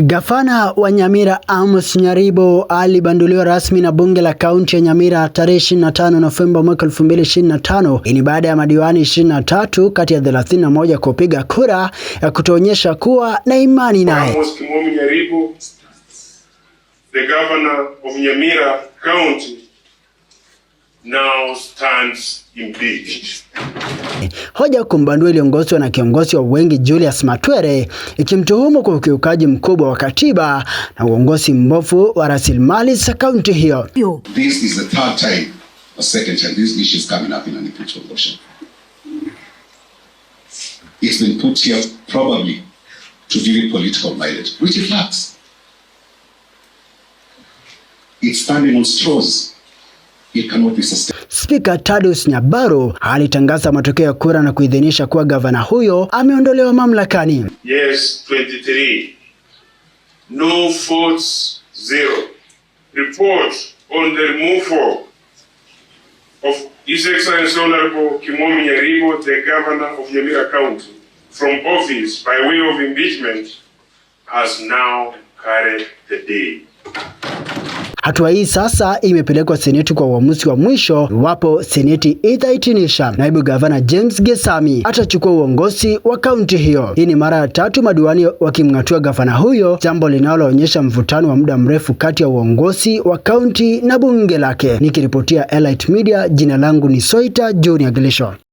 Gavana wa Nyamira Amos Nyaribo alibanduliwa rasmi na bunge la kaunti ya Nyamira tarehe 25 Novemba mwaka 2025. Hii ni baada ya madiwani 23 kati ya 31 kupiga kura ya kutoonyesha kuwa na imani naye. Amos Kimomi Nyaribo, the governor of Nyamira county now stands impeached. Hoja kumbandua iliongozwa na kiongozi wa wengi Julius Matwere ikimtuhumu kwa ukiukaji mkubwa wa katiba na uongozi mbovu wa rasilimali za kaunti hiyo. This is the third time, a second time, this issue is coming up in an impeachment motion. It's been put here probably to give it political mileage, which it lacks. It's standing on straws. Spika Tadus Nyabaro alitangaza matokeo ya kura na kuidhinisha kuwa gavana huyo ameondolewa mamlakani. Yes, 23. No votes, zero. Report on the removal of His Excellency Honorable Kimomi Nyaribo, the governor of Nyamira County, from office by way of impeachment has now carried the day. Hatua hii sasa imepelekwa seneti kwa uamuzi wa mwisho iwapo seneti itaitinisha naibu gavana James Gesami atachukua uongozi wa kaunti hiyo. Hii ni mara ya tatu madiwani wakimng'atua gavana huyo, jambo linaloonyesha mvutano wa muda mrefu kati ya uongozi wa kaunti na bunge lake. Nikiripotia Elite Media, jina langu ni Soita Junior Glisho.